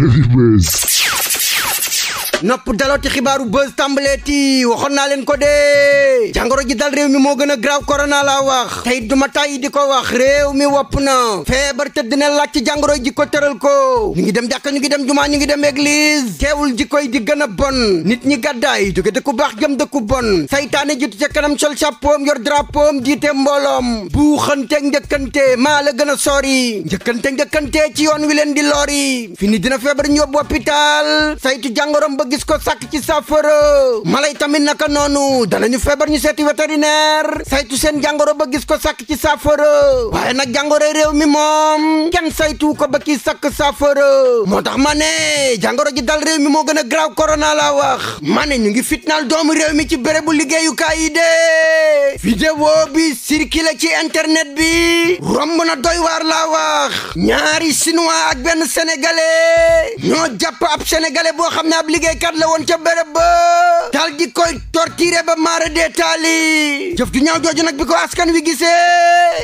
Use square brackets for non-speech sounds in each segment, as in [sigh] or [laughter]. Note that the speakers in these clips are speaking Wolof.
Heavy Waves. nopp dalooti xibaaru buzz tàmbaleeti waxoon naa leen ko dee jàngoro ji dal réew mi moo gën a graaw korona laa wax tey duma tàyyi di ko wax réew mi wopp na feebar tëdd na laaj ci jàngoro ji ko tëral ko ñu ngi dem jàkka ñu ngi dem jumaa ñu ngi dem église teewul ji ko koy di gën a bon nit ñi gàddaay jóge ku baax jëm ku bon saytaane jiitu ca kanam sol chapeau yor drapeau diite mbooloom buuxante njëkkante maa la gën a sori njëkkante njëkkante ci yoon wi leen di lori fini dina feebar ñu yóbbu hôpital gis ko sakk ci saafara mala yi tamit naka noonu danañu feebar ñu seeti vétérinaire saytu seen jàngoro ba gis ko sàkk ci saafara waaye nag jàngoroy réew mi moom kenn saytu ko ba ki sakk saafara moo tax ma ne jàngoro ji dal réew mi moo gën a graaw corona la wax ma ne ñu ngi fitnaal doomu réew mi ci bérébu liggéeyukaay yi de vidéo bi circulé ci internet bi romb na doy waar laa wax ñaari chinois ak benn sénégalais ñoo jàpp ab sénégalais boo xam ne ab liggéey liggéeykat la woon ca béréb ba dal di koy torturé ba maara dee taali jëf ju ñaaw jooju bi ko askan wi gisee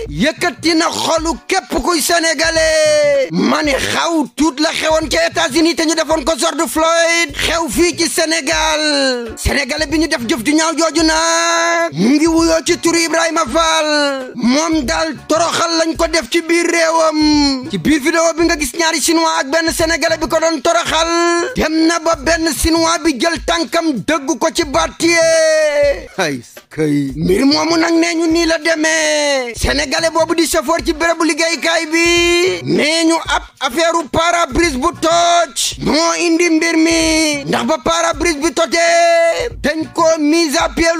yëkkati na xolu képp koy senegale ma ni xaw tuut la xewoon ca États-Unis te ñu defoon ko George Floyd xew fii ci senegale bi ñu def jëf ju ñaaw jooju nag mu ngi wuyoo ci turu Ibrahima Fall moom daal toroxal lañ ko def ci biir réewam ci biir vidéo bi nga gis ñaari chinois ak benn sénégalais bi ko doon toroxal dem na ba benn chinois bi jël tànkam dëgg ko ci baat yee ay kay mbir moomu nag nee ñu nii la demee sénégalais boobu di chauffeur ci bérébu liggéeykaay bi nee ñu ab affaire parabrise bu toj moo indi mbir mi ndax ba parabrise bi tojee dañ ko mise à pied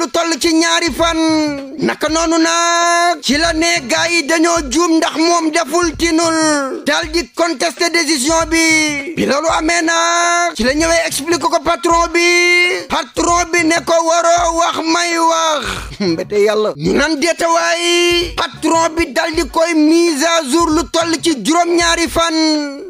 ci ñaari fan naka noonu nag ci la ne gaa yi dañoo juum ndax moom deful tinul dal di contester décision bi bi amee nag ci la ñëwee expliqué ko patron bi patron bi ne ko waroo wax may wax [laughs] mbete yàlla ñu nan deetawaay patron bi dal di koy mise à jour lu toll ci juróom-ñaari fan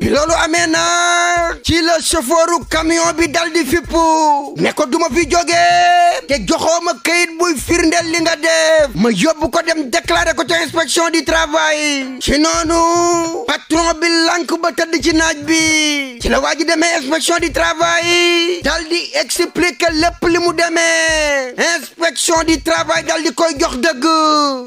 bi loolu amee na ci la chauffeuru camion bi dal di fippu ne ko duma fi jógee te joxooma kayit buy fir ma yóbbu ko dem déclaré ko ca inspection du travail ci noonu patron bi lank ba tëdd ci naaj bi ci la waa ji demee inspection du travail dal di expliquer lépp li mu demee inspection di travail dal di koy jox dëgg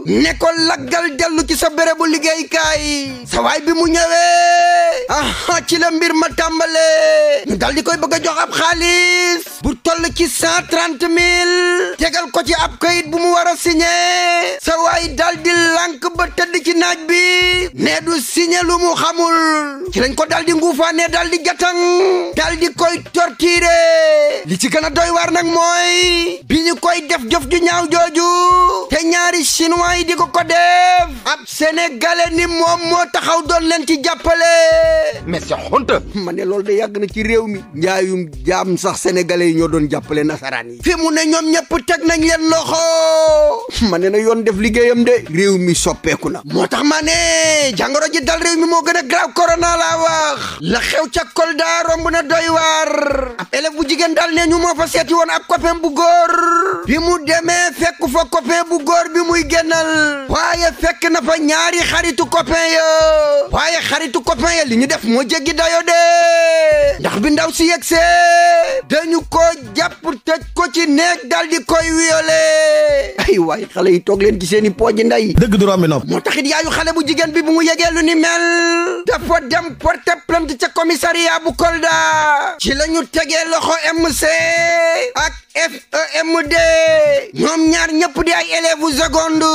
ne ko laggal dellu ci sa bérébu liggéeykaay sa waay bi mu ñëwee ah ci la mbir ma tàmbalee ñu dal di koy bëgg a jox ab xaalis bu toll ci cent trent mille tegal ko ci ab kayit bu mu war a signé sa waay dal di ba tëdd ci naaj bi nee du signé lu mu xamul ci lañ ko dal di nguufaane dal di jatang dal di koy torturé li ci gën a doy war nag mooy bi ñu koy def jëf ju ñaaw jooju te ñaari chinois yi di ko ko def ab sénégalais ni moom moo taxaw doon leen ci jàppale mais c'est honte ma ne loolu de yàgg na ci réew mi njaayum jaam sax sénégalais yi ñoo doon jàppale nasaraan yi fi mu ne ñoom ñëpp teg nañ leen loxo ma ne na yoon def liggéeyam de réew mi soppeeku na moo tax ma ne jàngoro ji dal réew mi moo gën a grave corona laa wax la xew ca Kolda romb na doy waar ab élève bu jigéen dal ne ñu moo fa seeti woon ab copain bu góor bi mu demee fekk fa copain bu góor bi muy génnal waaye fekk na fa ñaari xaritu copain ya waaye xaritu copain ya def moo jéggi dayo de ndax bi ndaw si yegsee dañu ko jàpp tëj ko ci néeg dal di koy violé ay waay xale yi toog leen ci seen i pooji nday dëgg du rombi bi moo taxit yaayu xale bu jigéen bi bu mu yegee lu ni mel dafa dem porter plainte ca commissariat bu Kolda ci la ñu tegee loxo MC ak FEMD ñoom ñaar ñëpp di ay élèves seconde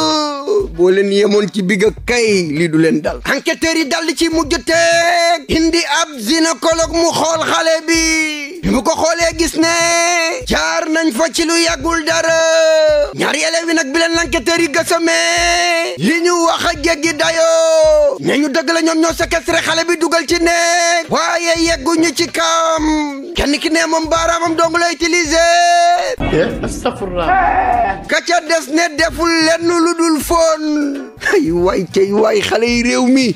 boo leen yemoon ci bigg kay lii du leen dal enquêteurs yi ci mujj teeg indi ab gynécologue mu xool xale bi bi mu ko xoolee gis ne jaar nañ fa ci lu yàggul dara ñaari élèves yi nag bi leen enquêteurs yi gësamee li ñu wax a jéggi dayoo ñe ñu dëgg la ñoom ñoo séquestré xale bi dugal ci néeg waaye yegguñu ci kam kenn ki ne moom baaraamam dong la utilisé eh, astafurlah ka ca des ne deful lenn lu dul foon ay waay cay waay xale yi réew mi [laughs]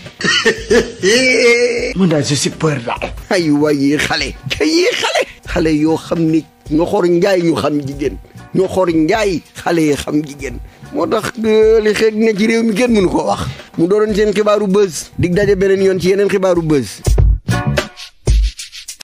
man daal je suis peur ay waay xale xale xale yoo xam ni ñoo xoor njaay ñu xam jigéen ñoo xoor njaay xale yi xam jigéen moo tax euh, li xeet ne ci réew mi kenn mënu ko wax mu dooroon seen xibaaru bës dig daje beneen yoon ci yeneen xibaaru bës